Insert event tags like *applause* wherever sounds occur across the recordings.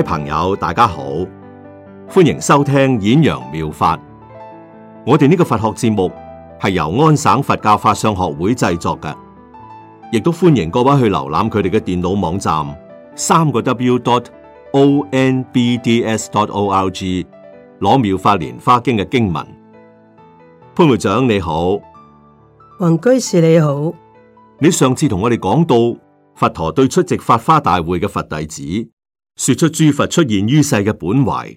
各位朋友，大家好，歡迎收聽演揚妙，妙法。我哋呢個佛學節目係由安省佛教法相學會製作嘅，亦都歡迎各位去瀏覽佢哋嘅電腦網站，三個 w.dot.o.n.b.d.s.dot.org 攞妙法蓮花經嘅經文。潘會長你好，黃居士你好，你上次同我哋講到佛陀對出席法花大會嘅佛弟子。說出諸佛出現於世嘅本懷，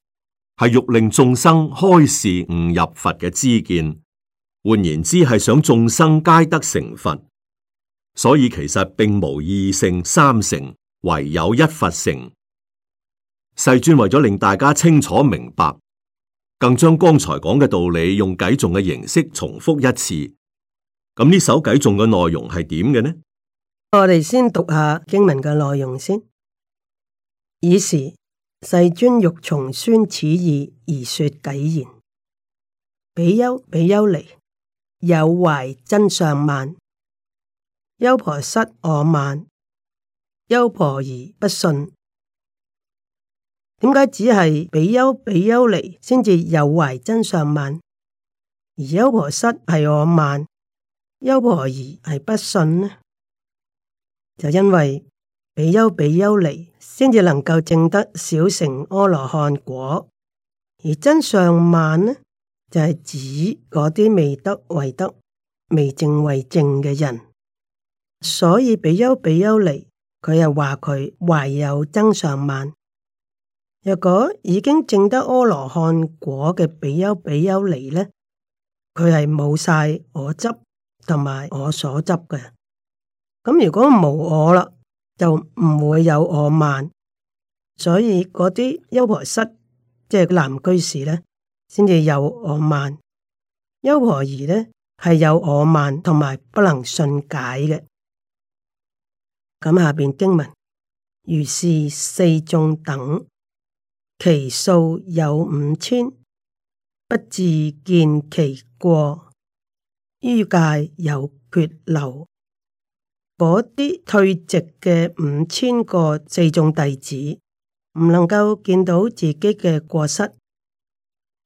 係欲令眾生開示悟入佛嘅知見。換言之，係想眾生皆得成佛。所以其實並無二乘、三乘，唯有一佛乘。世尊為咗令大家清楚明白，更將剛才講嘅道理用偈頌嘅形式重複一次。咁呢首偈頌嘅內容係點嘅呢？我哋先讀下經文嘅內容先。爾時世尊欲重宣此義而說偈言：比丘比丘尼有懷增上慢，優婆塞我慢，優婆夷不信。點解只係比丘比丘尼先至有懷增上慢，而優婆塞係我慢，優婆夷係不信呢？就因為。比丘比丘尼先至能夠證得小乘阿羅漢果，而增上慢呢就係、是、指嗰啲未得為得、未證為證嘅人。所以比丘比丘尼佢又話佢懷有增上慢。若果已經證得阿羅漢果嘅比丘比丘尼呢，佢係冇晒我執同埋我所執嘅。咁如果冇我啦。就唔會有我慢，所以嗰啲優婆塞，即係男居士呢，先至有我慢。優婆夷呢，係有我慢同埋不能信解嘅。咁下邊經文如是四眾等，其數有五千，不自見其過，於戒有缺漏。嗰啲退席嘅五千個四眾弟子唔能夠見到自己嘅過失，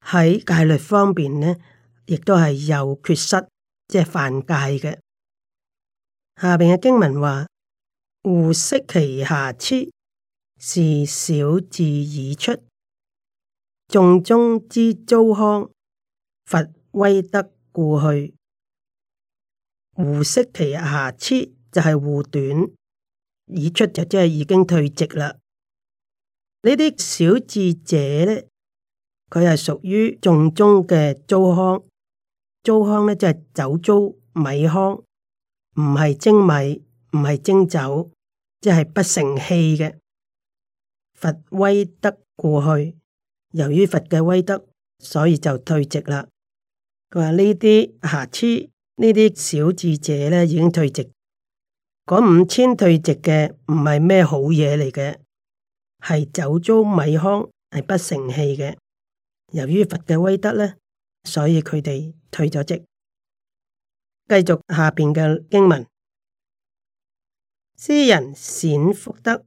喺戒律方面呢，亦都係有缺失，即係犯戒嘅。下邊嘅經文話：胡識其下痴，是小智已出，眾中之糟糠，佛威德故去，胡識其下痴。就係護短，而出就即係已經退席啦。呢啲小智者咧，佢係屬於眾中嘅糟糠。糟糠咧即係酒糟米糠，唔係精米，唔係精酒，即係不成器嘅。佛威德過去，由於佛嘅威德，所以就退席啦。佢話呢啲瑕疵，呢啲小智者咧已經退席。嗰五千退席嘅唔係咩好嘢，嚟嘅，係酒糟米糠，係不成器嘅。由於佛嘅威德咧，所以佢哋退咗職。繼續下邊嘅經文：斯人善福德，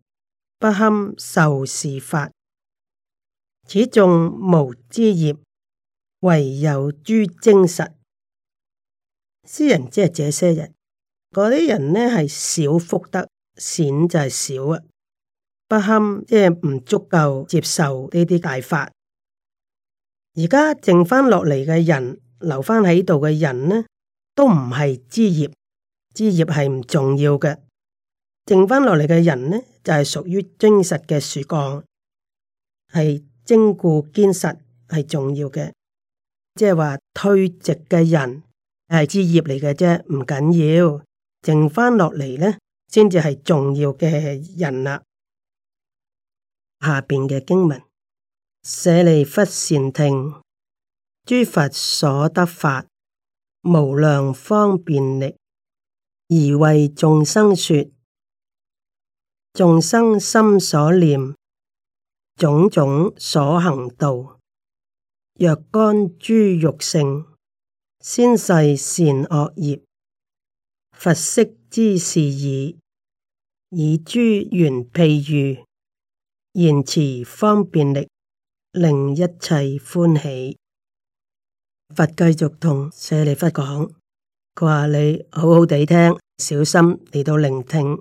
不堪受是法。此眾無之業，唯有諸精實。斯人即係這些人。嗰啲人呢係少福德，善就係少啊，不堪，即係唔足夠接受呢啲大法。而家剩翻落嚟嘅人，留翻喺度嘅人呢，都唔係枝葉，枝葉係唔重要嘅。剩翻落嚟嘅人呢，就係屬於真實嘅樹幹，係堅固堅實，係重要嘅。即係話，退席嘅人係枝葉嚟嘅啫，唔緊要。剩翻落嚟呢，先至係重要嘅人啦。下邊嘅經文，舍利弗善聽，諸佛所得法，無量方便力，而為眾生說，眾生心所念，種種所行道，若干諸欲性，先世善惡業。佛悉知是已，以諸緣譬喻言辭方便力，令一切歡喜。佛繼續同舍利弗講，佢話你好好地聽，小心嚟到聆聽。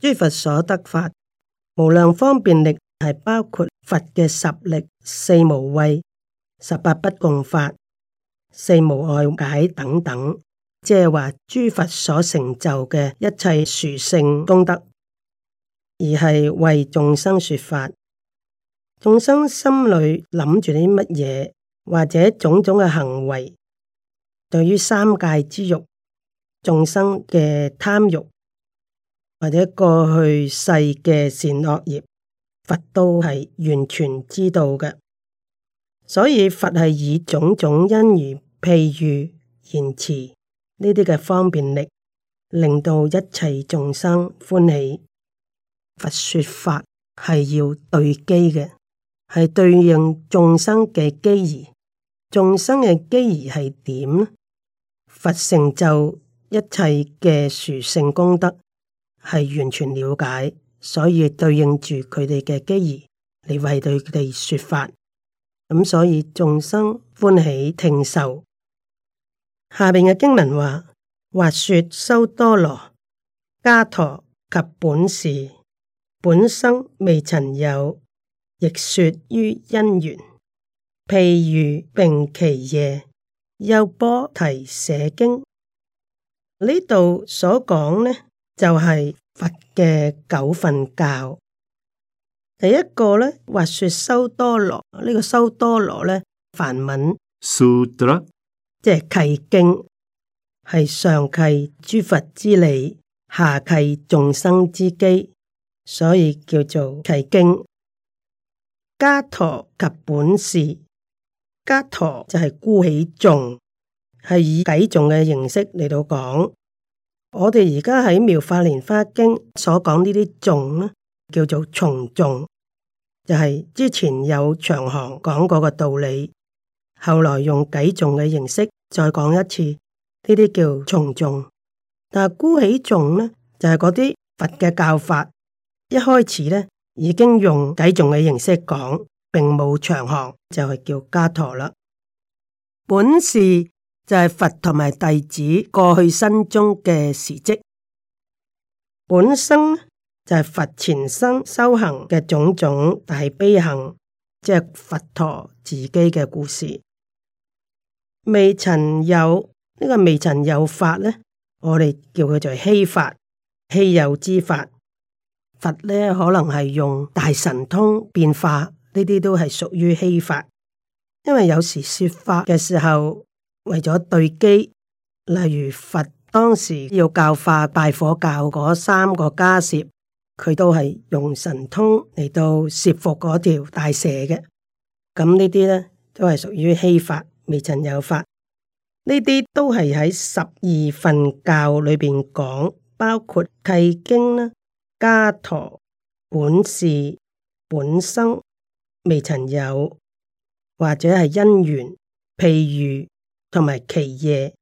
諸佛所得法，無量方便力係包括佛嘅十力、四無畏、十八不共法、四無礙解等等。即係話諸佛所成就嘅一切殊勝功德，而係為眾生說法。眾生心裏諗住啲乜嘢，或者種種嘅行為，對於三界之欲、眾生嘅貪欲，或者過去世嘅善惡業，佛都係完全知道嘅。所以佛係以種種因緣譬喻言辭。呢啲嘅方便力令到一切眾生歡喜。佛說法係要對機嘅，係對應眾生嘅機宜。眾生嘅機宜係點？佛成就一切嘅殊勝功德，係完全了解，所以對應住佢哋嘅機宜，嚟，為對佢哋說法。咁所以眾生歡喜聽受。下邊嘅經文話，話說修多羅伽陀及本事，本生未曾有，亦說於因緣，譬喻並祇夜優波提舍經。呢度所講呢，就係、是、佛嘅九部教。第一個呢，話說修多羅，呢、這個修多羅呢，梵文。 S 即係契經，係上契諸佛之理，下契眾生之機，所以叫做契經。家陀及本事，家陀就係孤起頌，係以偈頌嘅形式嚟到講。我哋而家喺妙法蓮華經所講呢啲頌呢，叫做重頌，就係之前有長行講過嘅道理，後來用偈頌嘅形式。再講一次，呢啲叫重頌，但係孤起頌呢，就係嗰啲佛嘅教法。一開始呢，已經用偈頌嘅形式講，並冇長行，就係、是、叫伽陀啦。本事就係佛同埋弟子過去心中嘅事跡，本生就係、是、佛前生修行嘅種種，但係悲行，即、就、係、是、佛陀自己嘅故事。未曾有呢、這個未曾有法呢，我哋叫佢做「係希法、希有之法」。佛呢，可能係用大神通變化，呢啲都係屬於希法。因為有時說法嘅時候，為咗對機，例如佛當時要教化拜火教嗰三個迦葉，佢都係用神通嚟到攝伏嗰條大蛇嘅。咁呢啲呢，都係屬於希法。未曾有法呢啲都係喺十二分教裏邊講，包括契經啦、伽陀、本事、本生未曾有，或者係因緣，譬喻同埋祇夜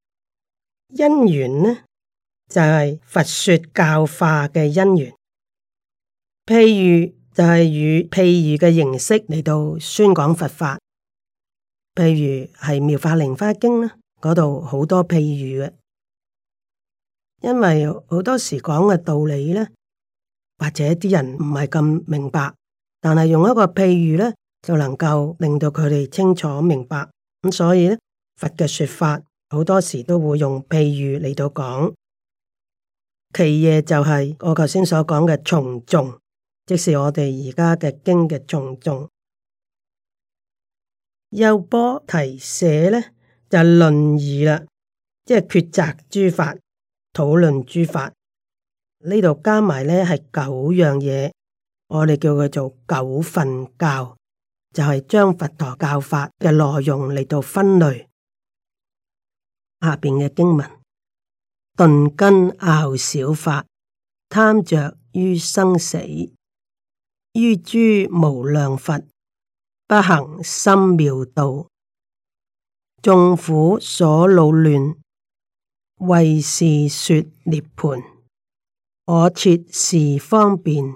因緣呢，就係、是、佛說教化嘅因緣，譬喻就係以譬喻嘅形式嚟到宣講佛法。譬如係《妙法蓮華經》呢，嗰度好多譬喻嘅。因為好多時講嘅道理呢，或者啲人唔係咁明白，但係用一個譬喻呢，就能夠令到佢哋清楚明白，咁所以呢，佛嘅說法好多時都會用譬喻嚟到講。祇夜就係我頭先所講嘅重頌，即是我哋而家嘅經嘅重頌。優波提舍咧，就論議啦，即係抉擇諸法，討論諸法。呢度加埋咧係九樣嘢，我哋叫佢做九分教，就係、是、將佛陀教法嘅內容嚟到分類。下邊嘅經文：鈍根拗小法，貪著於生死，於諸無量佛。不行深妙道，眾苦所惱亂，為是說涅槃，我設是方便，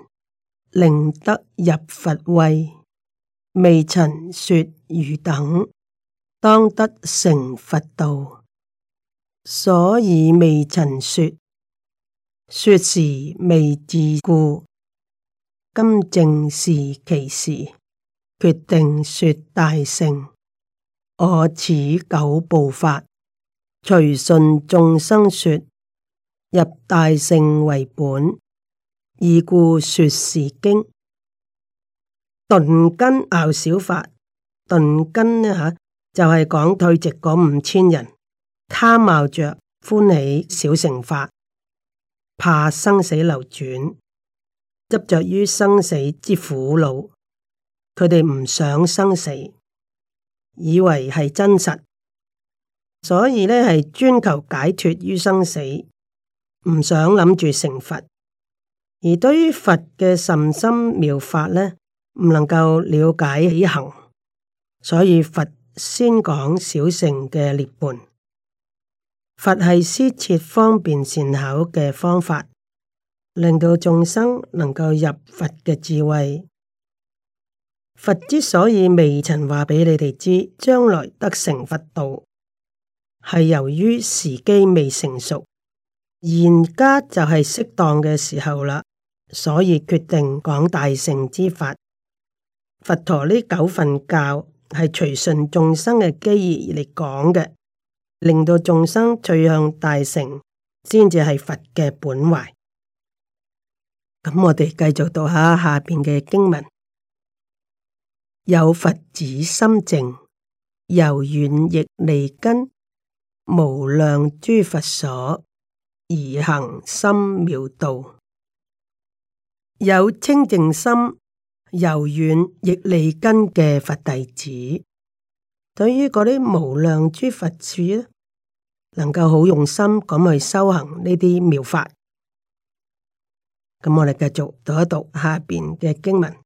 令得入佛慧。未曾說汝等，當得成佛道，所以未曾說，說時未至故，今正是其時。決定說大乘，我此九部法，隨順眾生說入大乘為本，以故說是經。頓根拗小法，頓根呢吓就係、是、講退席嗰五千人，他冒着歡喜小乘法，怕生死流轉，執着於生死之苦惱。佢哋唔想生死，以為係真實，所以呢係專求解脱於生死，唔想諗住成佛。而對於佛嘅甚深妙法呢，唔能夠了解起行，所以佛先講小乘嘅涅槃。佛係施設方便善巧嘅方法，令到眾生能夠入佛嘅智慧。佛之所以未曾話畀你哋知將來得成佛道，係由於時機未成熟。而家就係適當嘅時候啦，所以決定講大乘之法。佛陀呢，九份教係隨順眾生嘅機緣嚟講嘅，令到眾生趣向大乘，先至係佛嘅本懷。咁我哋繼續讀下下邊嘅經文。有佛子心淨，柔軟亦利根，無量諸佛所，而行深妙道。有清淨心，柔軟亦利根嘅佛弟子，對於嗰啲無量諸佛處咧，能夠好用心咁去修行呢啲妙法。咁我哋繼續讀一讀下邊嘅經文。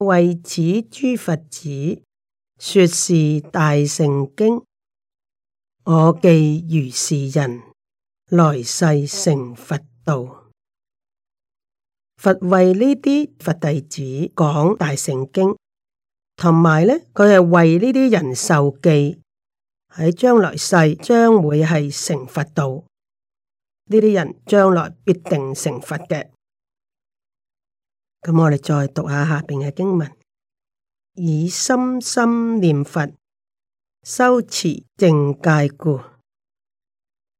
為此，諸佛子說是大乘經，我記如是人，來世成佛道。佛為呢啲佛弟子講大乘經，同埋呢，佢係為呢啲人受記喺將來世，將會係成佛道。呢啲人將來必定成佛嘅。咁我哋再讀下下邊嘅經文，以心心念佛，修持淨戒故，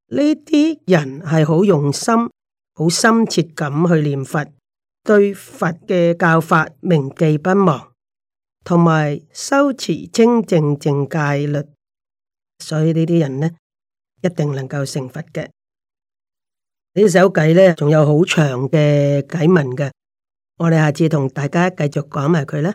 呢啲人係好用心、好深切咁去念佛，對佛嘅教法銘記不忘，同埋修持清淨淨戒律，所以呢啲人呢一定能夠成佛嘅。呢首偈呢仲有好長嘅偈文嘅。我哋下次同大家繼續講埋佢啦。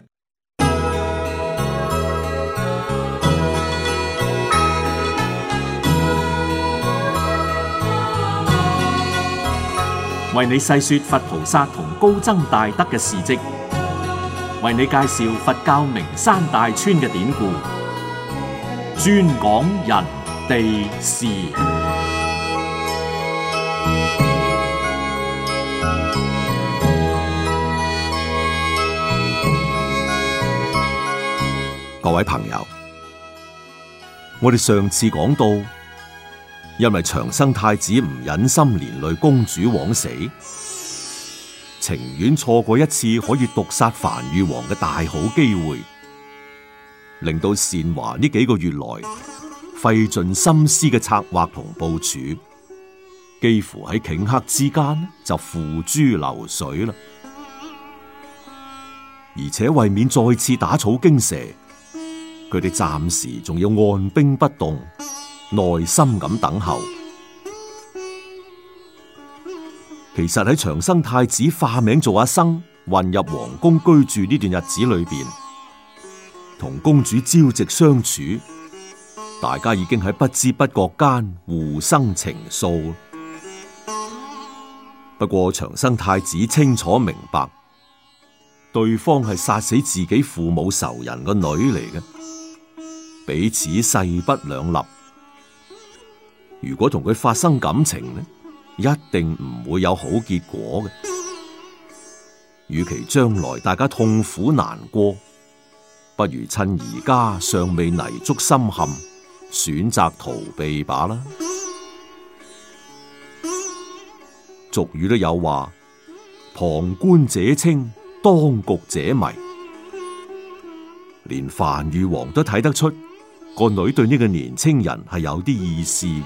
為你細說佛菩薩同高僧大德嘅事跡，為你介紹佛教名山大川嘅典故，專講人地事。各位朋友，我哋上次講到，因為長生太子唔忍心連累公主枉死，情願錯過一次可以毒殺梵豫王嘅大好機會，令到善華呢幾個月來費盡心思嘅策劃同部署，幾乎喺頃刻之間就付諸流水啦。而且為免再次打草驚蛇。佢哋暫時仲要按兵不動，耐心咁等候。其實喺長生太子化名做阿生，混入皇宮居住呢段日子裏邊，同公主朝夕相處，大家已經喺不知不覺間互生情愫。不過長生太子清楚明白，對方係殺死自己父母仇人嘅女嚟嘅。彼此勢不兩立，如果同佢發生感情呢，一定唔會有好結果嘅。與其將來大家痛苦難過，不如趁而家尚未泥足深陷，選擇逃避罷啦。 *noise* 俗語都有話：旁觀者清，當局者迷。連范宇王都睇得出。個女對呢個年青人係有啲意思嘅，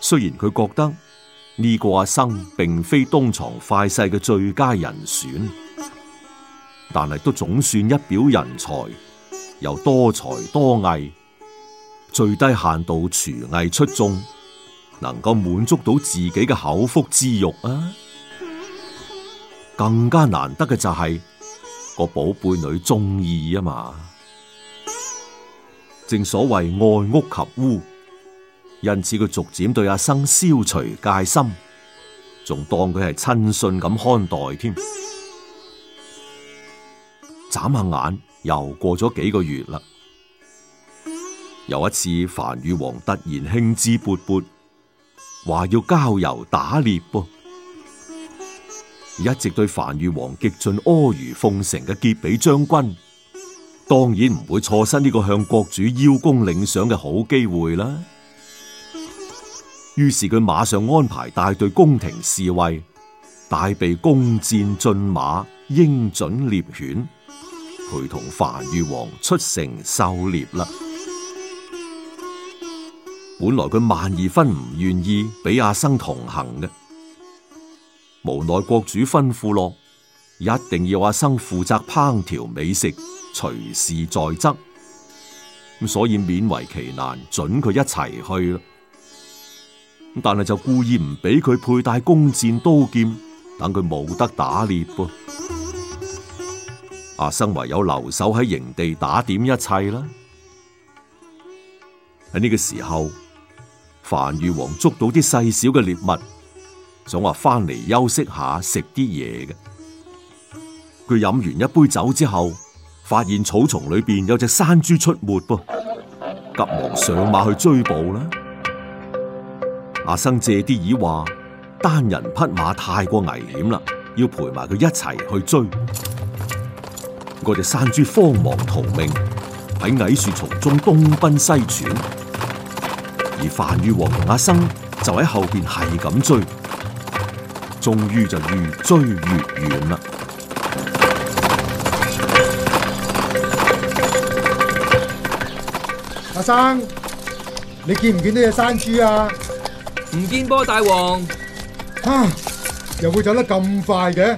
雖然佢覺得呢、這個阿生並非東藏快婿嘅最佳人選，但係都總算一表人才，又多才多藝，最低限度廚藝出眾，能夠滿足到自己嘅口腹之欲啊！更加難得嘅就係、是、個寶貝女中意啊嘛！正所謂愛屋及烏，因此佢逐漸對阿生消除戒心，仲當佢係親信咁看待添。 *noise* 眨下眼，又過咗幾個月啦。有一次，樊宇王突然興致勃勃，話要郊遊打獵噃。一直對樊宇王極盡阿諛奉承嘅結比將軍，當然唔會錯失呢個向國主邀功領賞嘅好機會啦。於是佢馬上安排帶隊宮廷侍衛，帶備弓箭、駿馬、鷹隼、獵犬，陪同梵豫王出城狩獵啦。本來佢萬二分唔願意俾阿生同行嘅，無奈國主吩咐落，一定要阿生負責烹調美食。隨時在側，咁所以勉為其難准佢一齊去啦。但係就故意唔俾佢佩戴弓箭刀劍，等佢冇得打獵噃。阿生唯有留守喺營地打點一切啦。喺呢個時候，樊御王捉到啲細小嘅獵物，想話翻嚟休息下食啲嘢嘅。佢飲完一杯酒之後。發現草叢裏邊有隻山豬出沒噃，急忙上馬去追捕啦。阿生借啲耳話，單人匹馬太過危險啦，要陪埋佢一齊去追。嗰隻山豬慌忙逃命，喺矮樹叢中東奔西竄，而梵豫王同阿生就喺後邊係咁追，終於就越追越遠啦。阿生，你見唔見到隻山豬啊？唔見波，大王，哈，又會走得咁快嘅？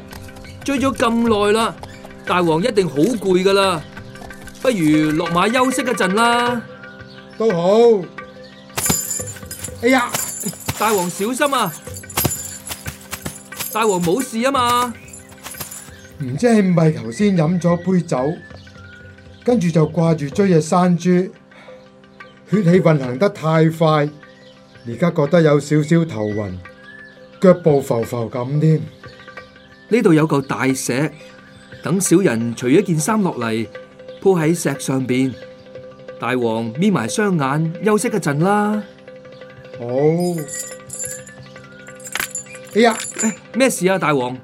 追咗咁耐啦，大王一定好攰噶啦，不如落馬休息一陣啦。都好。哎呀，大王小心啊！大王冇事啊嘛？唔知係唔係頭先飲咗杯酒，跟住就掛住追隻山豬。血氣運行得太快，而家覺得有少少頭暈，腳步浮浮咁添。呢度有嚿大石，等小人除咗件衫落嚟，鋪喺石上邊。大王眯埋雙眼休息一陣啦。好。哦。哎呀，欸，咩事啊，大王？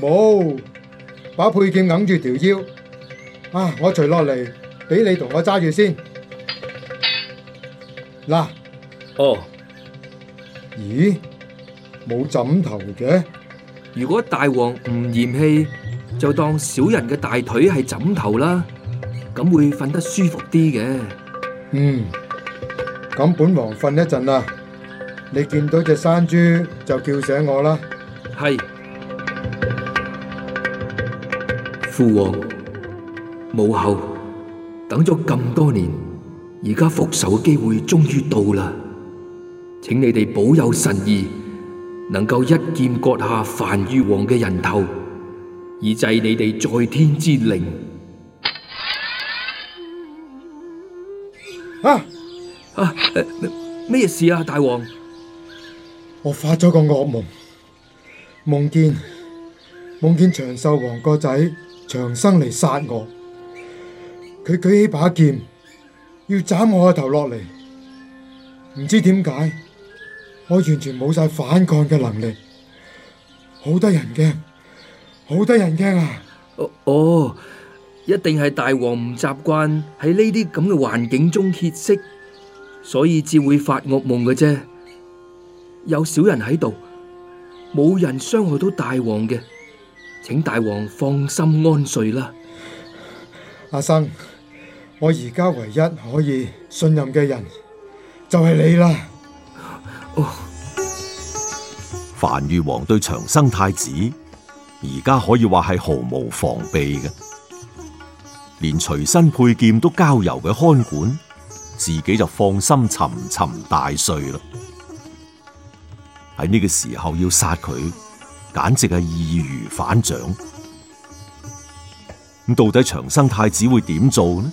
冇，把佩劍，揞住條腰。啊，我除落嚟，俾你同我揸住先。嗱，哦，咦，冇枕頭嘅？如果大王唔嫌棄，就當小人嘅大腿係枕頭啦，咁會瞓得舒服啲嘅。嗯，咁本王瞓一陣啦，你見到隻山豬就叫醒我啦。係，父王、母后，等咗咁多年。而家復仇嘅機會終於到啦，請你哋保佑神兒，能夠一劍割下梵豫王嘅人頭，以祭你哋在天之靈。啊啊！咩事啊，大王？我發咗個惡夢，夢見夢見長壽王個仔長生嚟殺我，佢舉起把劍。要斬我個頭落嚟，唔知點解，我完全冇晒反抗嘅能力，好得人驚，好得人驚啊哦！哦，一定係大王唔習慣喺呢啲咁嘅環境中歇息，所以至會發惡夢嘅啫。有小人喺度，冇人傷害到大王嘅，請大王放心安睡啦，阿生。我而家唯一可以信任嘅人就係、是、你啦。樊裕皇對長生太子而家可以話係毫無防備嘅，連隨身佩劍都交由佢看管，自己就放心沉沉大睡啦。喺呢個時候要殺佢，簡直係易如反掌。咁到底長生太子會點做呢？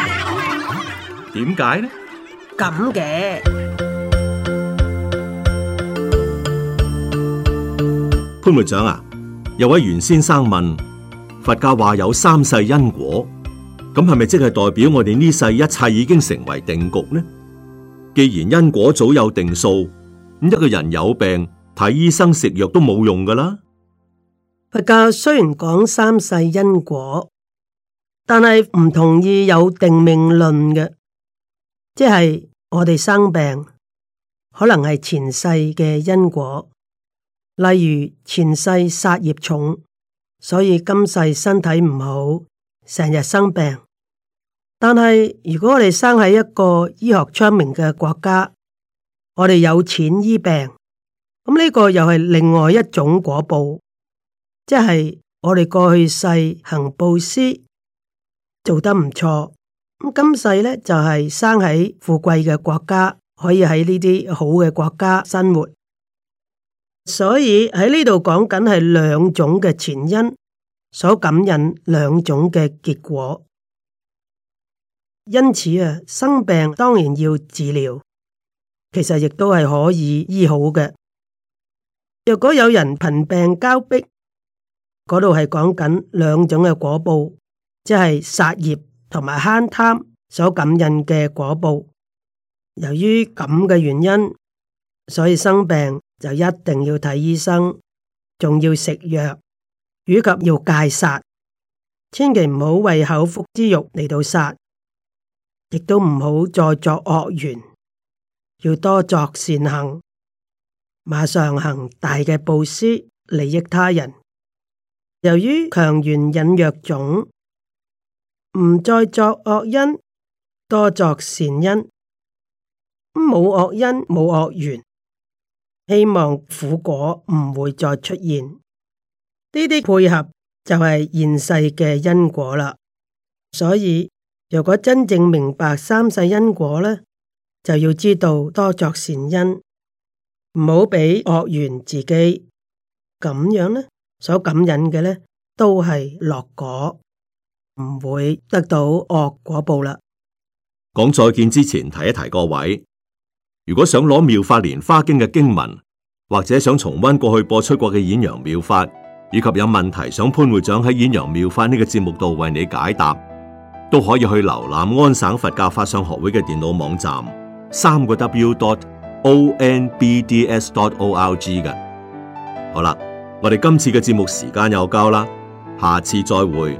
點解呢？咁嘅潘會長啊，有位袁先生問：佛教話有三世因果，咁係咪即係代表我哋呢世一切已經成為定局呢？既然因果早有定數，咁一個人有病睇醫生食藥都冇用噶啦。佛教雖然講三世因果，但係唔同意有定命論嘅。即係我哋生病，可能係前世嘅因果，例如前世殺業重，所以今世身體唔好，成日生病。但係如果我哋生喺一個醫學昌明嘅國家，我哋有錢醫病，咁呢個又係另外一種果報，即係我哋過去世行布施，做得唔錯。今世咧，就係、是、生喺富貴嘅國家，可以喺呢啲好嘅國家生活，所以喺呢度講緊係兩種嘅前因所感染兩種嘅結果。因此啊，生病當然要治療，其實亦都係可以醫好嘅。若果有人貧病交迫，嗰度係講緊兩種嘅果報，即係殺業。同埋慳貪所感應嘅果報，由於咁嘅原因，所以生病就一定要睇醫生，仲要食藥，以及要戒殺，千祈唔好為口腹之欲嚟到殺，亦都唔好再作惡緣，要多作善行，馬上行大嘅布施，利益他人。由於強緣引弱種。唔再作惡因，多作善因，冇惡因冇惡緣，希望苦果唔會再出現。呢啲配合就係現世嘅因果啦。所以，如果真正明白三世因果咧，就要知道多作善因，唔好畀惡緣自己咁樣咧所感引嘅咧，都係樂果。唔會得到惡果報啦。講再見之前，提一提各位，如果想攞《妙法蓮花經》嘅經文，或者想重溫過去播出過嘅《演揚妙法》，以及有問題想潘會長喺《演揚妙法》呢個節目度為你解答，都可以去瀏覽安省佛教法相學會嘅電腦網站，三個 w dot o n b d s dot o l g 嘅。好啦，我哋今次嘅節目時間又夠啦，下次再會。